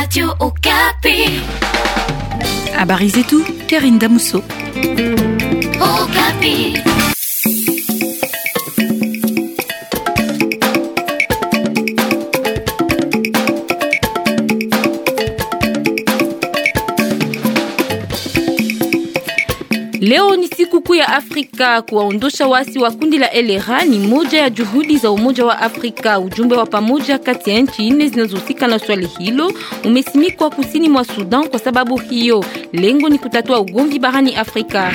Radio Okapi. et tout, Karine Damousseau. Okapi. Leo ni siku kuu ya Afrika. Kuwaondosha wasi wa kundi la LRA ni moja ya juhudi za Umoja wa Afrika. Ujumbe wa pamoja kati ya nchi nne zinazohusika na swali hilo umesimikwa kusini mwa Sudan kwa sababu hiyo. Lengo ni kutatua ugomvi barani Afrika.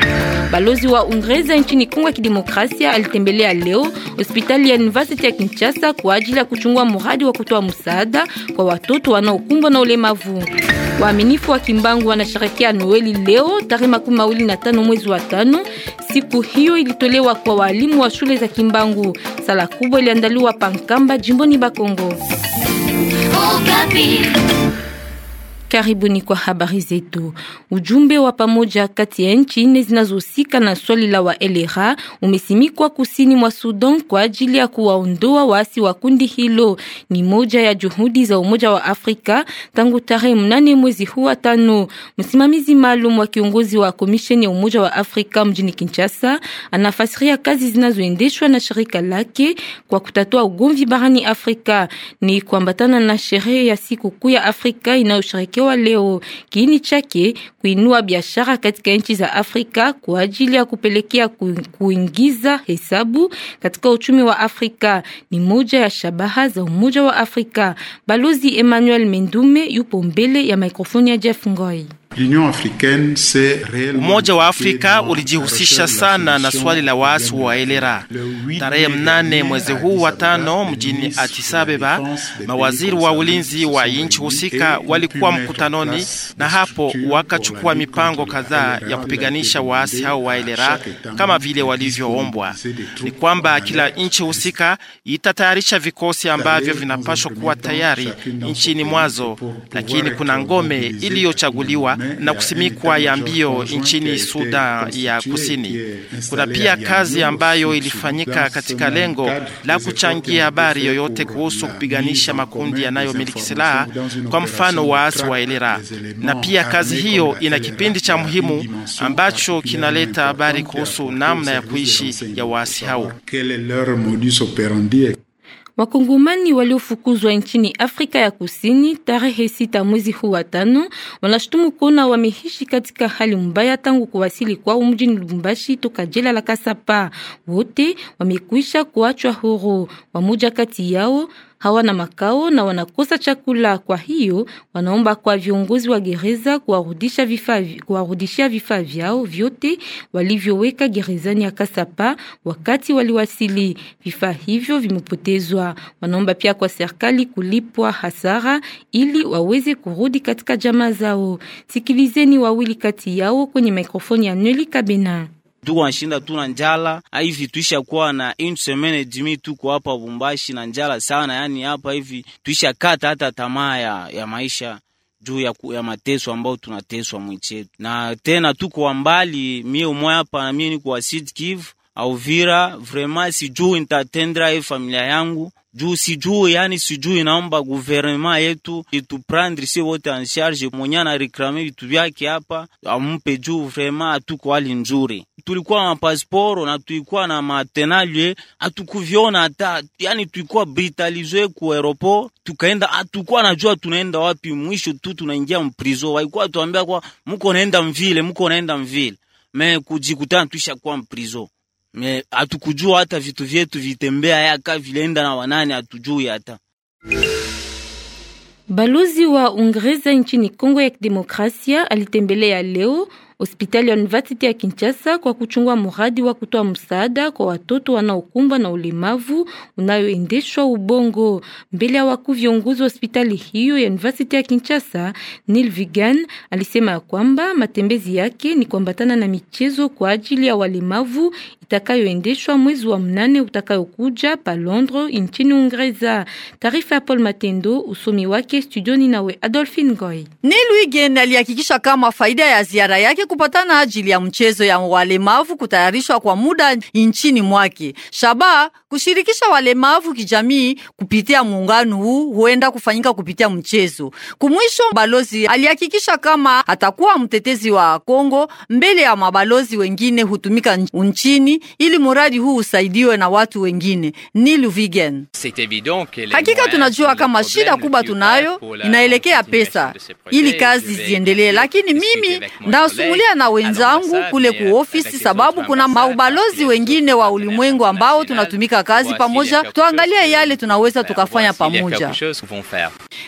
Balozi wa Uingereza nchini Kongo ya Kidemokrasia alitembelea leo hospitali ya University ya Kinshasa kwa ajili ya kuchungua mradi wa kutoa msaada kwa watoto wanaokumbwa na ulemavu. Waaminifu wa Kimbangu wanasherekea Noeli leo tarehe makumi mawili na tano mwezi wa tano. Siku hiyo ilitolewa kwa walimu wa shule za Kimbangu. Sala kubwa iliandaliwa Pankamba, jimboni Bakongo. Karibuni kwa habari zetu. Ujumbe wa pamoja kati ya nchi nne zinazohusika na swali la waelera umesimikwa kusini mwa Sudan kwa ajili ya kuwaondoa waasi wa kundi hilo. Ni moja ya juhudi za Umoja wa Afrika tangu tarehe mnane mwezi huu wa tano. Msimamizi maalum wa kiongozi wa komisheni ya Umoja wa Afrika mjini Kinshasa anafasiria kazi zinazoendeshwa na shirika lake kwa kutatua ugomvi barani Afrika. Ni kuambatana na sherehe ya siku kuu ya Afrika inayoshirikiwa kutoa leo kiini chake kuinua biashara katika nchi za Afrika kwa ajili ya kupelekea kuingiza hesabu katika uchumi wa Afrika ni moja ya shabaha za Umoja wa Afrika. Balozi Emmanuel Mendume yupo mbele ya mikrofoni ya Jeff Ngoi. Umoja wa Afrika ulijihusisha sana na swali la waasi wa elera. Tarehe mnane mwezi huu wa tano mjini Addis Ababa, mawaziri wa ulinzi wa nchi husika walikuwa mkutanoni, na hapo wakachukua mipango kadhaa ya kupiganisha waasi hao wa elera kama vile walivyoombwa. Ni kwamba kila nchi husika itatayarisha vikosi ambavyo vinapaswa kuwa tayari nchini mwazo, lakini kuna ngome iliyochaguliwa na kusimikwa ya mbio nchini Sudan ya Kusini. Kuna pia kazi ambayo ilifanyika katika lengo la kuchangia habari yoyote kuhusu kupiganisha makundi yanayomiliki silaha, kwa mfano waasi wa Elera, na pia kazi hiyo ina kipindi cha muhimu ambacho kinaleta habari kuhusu namna ya kuishi ya waasi hao. Wakongomani waliofukuzwa nchini Afrika ya Kusini tarehe sita mwezi huu wa tano wanashutumu kuona wameishi katika hali mbaya tangu kuwasili kwao mjini Lubumbashi toka jela la Kasapa. Wote wamekwisha kuachwa huru, wamoja kati yao hawana makao na wanakosa chakula. Kwa hiyo wanaomba kwa viongozi wa gereza kuwarudishia vifaa kuwarudishia vifaa vyao vyote walivyoweka gerezani ya Kasapa wakati waliwasili. Vifaa hivyo vimepotezwa. Wanaomba pia kwa serikali kulipwa hasara ili waweze kurudi katika jamaa zao. Sikilizeni wawili kati yao kwenye mikrofoni ya Neli Kabena tuko nashinda tu na njala hivi, tuisha kuwa na une semaine et demie tuko hapa Bumbashi na njala sana, yani hapa hivi tuisha kata hata tamaa ya, ya maisha juu ya, ya mateso ambao tunateswa mwichetu, na tena tuko mbali, mie umoya hapa na mie niko Sud Kivu Auvira vraiment sijuu nitatendra ye familia yangu juu sijuu, yani sijuu. Inaomba guvernema yetu ituprendre si wote en charge, mwenye anareklame vitu vyake hapa ampe juu. Vraiment hatuko hali nzuri, tulikuwa na mapasporo na tulikuwa na matenalie, hatukuviona hata yani, tulikuwa brutalize ku aeroport, tukaenda hatukuwa najua tunaenda wapi. Mwisho tu tunaingia mprizo, walikuwa tuambia kwa muko naenda mvile, muko naenda mvile, me kujikutana tuisha kuwa mprizo me hatukujua hata vitu vyetu vitembea yaka vilenda na wanani, hatujui hata. Balozi wa Uingereza nchini Kongo ya Kidemokrasia alitembelea leo Hospitali ya University ya Kinshasa kwa kuchungua mradi wa kutoa msaada kwa watoto wanaokumbwa na ulemavu unayoendeshwa ubongo. Mbele ya wakuu viongozi wa hospitali hiyo ya University ya Kinshasa, Neil Vigan alisema ya kwamba matembezi yake ni kuambatana na michezo kwa ajili ya walemavu itakayoendeshwa mwezi wa mnane utakayokuja pa Londres nchini Uingereza. Taarifa ya Paul Matendo, usomi wake studioni nawe Adolphine Goy. Neil Vigan alihakikisha kama faida ya ziara yake kupatana ajili ya mchezo ya walemavu kutayarishwa kwa muda nchini mwake. Shaba Kushirikisha walemavu kijamii kupitia muungano huu huenda kufanyika kupitia mchezo. Kumwisho, balozi alihakikisha kama atakuwa mtetezi wa Kongo mbele ya mabalozi wengine hutumika nchini ili muradi huu usaidiwe na watu wengine. Ni Luvigen: hakika tunajua kama shida kubwa tunayo inaelekea pesa ili kazi ziendelee, lakini mimi ndasumulia na wenzangu kule ku ofisi, sababu kuna maubalozi wengine wa ulimwengu ambao tunatumika kazi pamoja, tuangalie yale tunaweza tukafanya pamoja.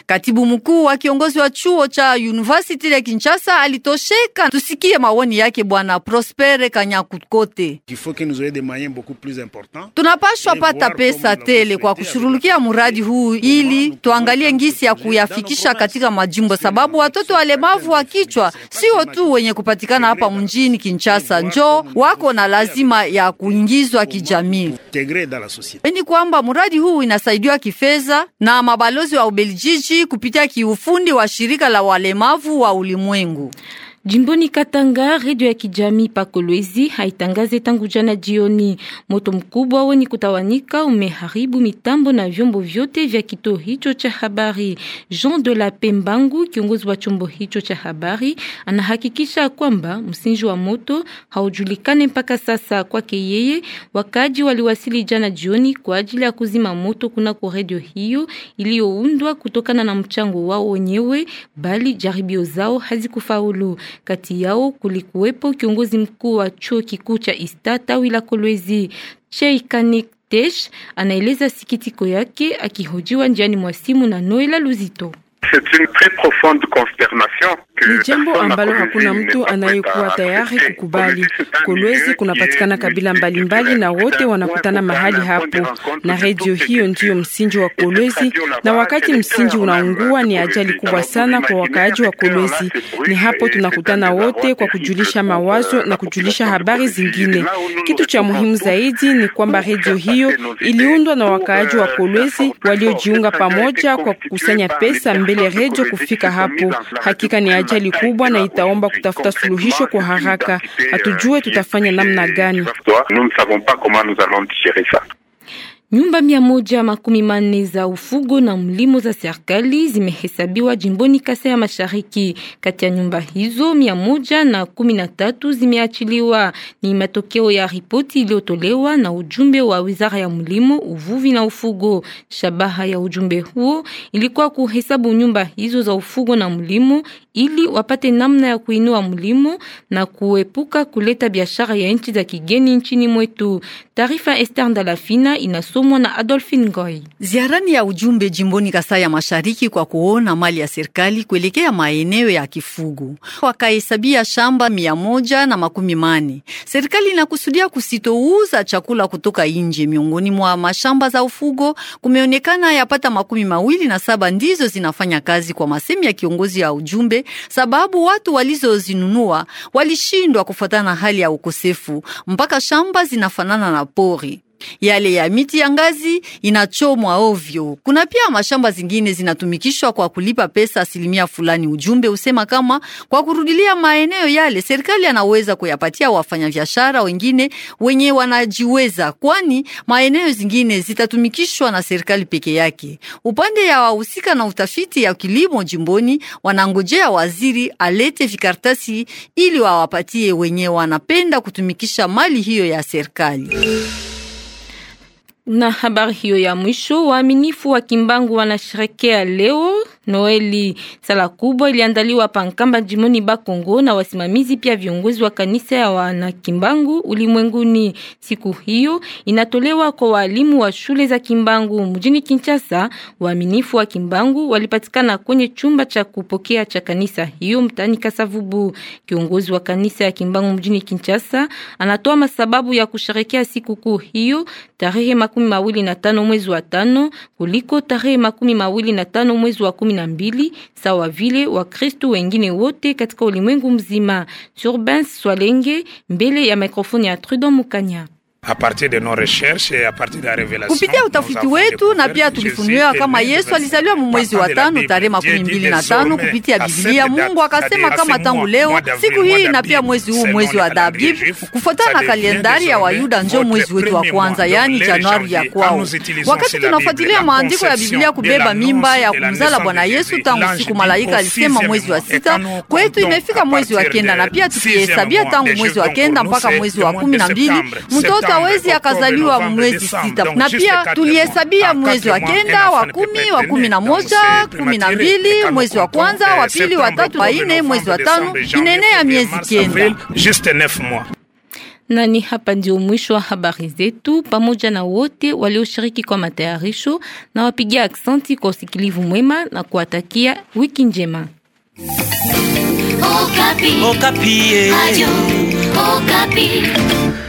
Katibu mkuu wa kiongozi wa chuo cha University ya Kinshasa alitosheka. Tusikie maoni yake Bwana Prospere Kanyakukote. Tunapashwa pata pesa tele kwa kushurulukia muradi huu ili tuangalie ngisi ya kuyafikisha katika majimbo, sababu watoto walemavu wa kichwa sio tu wenye kupatikana hapa mjini Kinshasa, njo wako na lazima ya kuingizwa kijamii. Ni kwamba muradi huu inasaidiwa kifedha na mabalozi wa Ubelgiji nchi kupitia kiufundi wa shirika la walemavu wa ulimwengu. Jimboni Katanga, redio ya kijamii Pakolwezi haitangaze tangu jana jioni. Moto mkubwa weni kutawanika umeharibu mitambo na vyombo vyote vya kituo hicho cha habari. Jean de la Pembangu, kiongozi wa chombo hicho cha habari, anahakikisha kwamba msingi wa moto haujulikane mpaka sasa. Kwake yeye, wakaji waliwasili jana jioni kwa ajili ya kuzima moto kunako redio hiyo iliyoundwa kutokana na mchango wao wenyewe, bali jaribio zao hazikufaulu. Kati yao kulikuwepo kiongozi mkuu wa chuo kikuu cha Istata wila Kolwezi Cheikanik Tesh anaeleza sikitiko yake akihojiwa njiani mwa simu na Noela Luzito ni jambo ambalo hakuna mtu anayekuwa tayari kukubali. Kolwezi kunapatikana kabila mbalimbali mbali, na wote wanakutana mahali hapo, na redio hiyo ndiyo msingi wa Kolwezi, na wakati msingi unaungua ni ajali kubwa sana kwa wakaaji wa Kolwezi. Ni hapo tunakutana wote kwa kujulisha mawazo eh, na kujulisha habari zingine. Kitu cha muhimu zaidi ni kwamba redio hiyo iliundwa na wakaaji wa eh, Kolwezi waliojiunga pamoja kwa kukusanya pesa mbele redio kufika hapo. Hakika ni ajali kubwa na itaomba kutafuta suluhisho kwa haraka. Hatujue tutafanya namna gani. Nyumba mia moja makumi manne za ufugo na mlimo za serikali zimehesabiwa jimboni kasa ya Mashariki. Kati ya nyumba hizo mia moja na kumi na tatu zimeachiliwa. Ni matokeo ya ripoti iliyotolewa na ujumbe wa wizara ya mlimo, uvuvi na ufugo. Shabaha ya ujumbe huo ilikuwa kuhesabu nyumba hizo za ufugo na mlimo ili wapate namna ya kuinua mlimo na kuepuka kuleta biashara ya nchi za kigeni nchini mwetu. Taarifa Esther Ndalafina inasomwa na Adolphine Ngoi. Ziarani ya ujumbe jimboni Kasai ya Mashariki kwa kuona mali ya serikali kuelekea maeneo ya kifugu, wakahesabia shamba mia moja na makumi mane. Serikali inakusudia kusitouza chakula kutoka nje. Miongoni mwa mashamba za ufugo kumeonekana yapata makumi mawili na saba ndizo zinafanya kazi, kwa masemi ya kiongozi ya ujumbe, sababu watu walizozinunua walishindwa kufuatana hali ya ukosefu, mpaka shamba zinafanana na pori yale ya miti ya ngazi inachomwa ovyo. Kuna pia mashamba zingine zinatumikishwa kwa kulipa pesa asilimia fulani. Ujumbe usema kama kwa kurudilia maeneo yale, serikali anaweza kuyapatia wafanyabiashara wengine wenye wanajiweza, kwani maeneo zingine zitatumikishwa na serikali peke yake. Upande ya wahusika na utafiti ya kilimo jimboni wanangojea waziri alete vikartasi ili wawapatie wenye wanapenda kutumikisha mali hiyo ya serikali. Na habari hiyo ya mwisho, waaminifu wa Kimbangu wanasherekea leo Noeli. Sala kubwa iliandaliwa pankamba jimoni Bakongo na wasimamizi pia viongozi wa kanisa ya wana Kimbangu ulimwenguni. Siku hiyo inatolewa kwa walimu wa shule za Kimbangu mjini Kinshasa. Waaminifu wa Kimbangu walipatikana kwenye chumba cha kupokea cha kanisa hiyo mtani Kasavubu. Kiongozi wa kanisa ya Kimbangu mjini Kinshasa anatoa masababu ya kusherekea sikukuu hiyo tarehe makumi mawili na tano mwezi wa tano kuliko tarehe makumi mawili na tano mwezi wa kumi na mbili sawa vile Wakristo wengine wote katika ulimwengu mzima. Turbin Swalenge mbele ya mikrofoni ya trudon Mukanya kupitia utafiti wetu na pia tulifunuliwa kama Yesu alizaliwa mwezi wa tano tarehe makumi mbili na tano kupitia Biblia. Mungu akasema kama tangu leo siku hii na pia mwezi huu mwezi wa Dabib kufuatana na kalendari ya Wayuda njo mwezi wetu wa kwanza, yaani Januari ya kwao. Wakati tunafuatilia maandiko ya Biblia kubeba mimba ya kumzala Bwana Yesu tangu siku malaika alisema mwezi wa sita, kwetu imefika mwezi wa kenda, na pia tukihesabia tangu mwezi wa kenda mpaka mwezi wa kumi na mbili mtoto hawezi akazaliwa mwezi sita, na pia tulihesabia mwezi wa kenda, wa kumi, wa kumi na moja, kumi na mbili, mwezi wa kwanza, wa pili, wa tatu, wa ine, mwezi wa tano, inaenea miezi kenda. Na ni hapa ndio mwisho wa habari zetu, pamoja na wote walioshiriki kwa matayarisho na wapigia aksanti kwa usikilivu mwema na kuwatakia wiki njema. Okapi. Okapi, eh. Ayu, Okapi.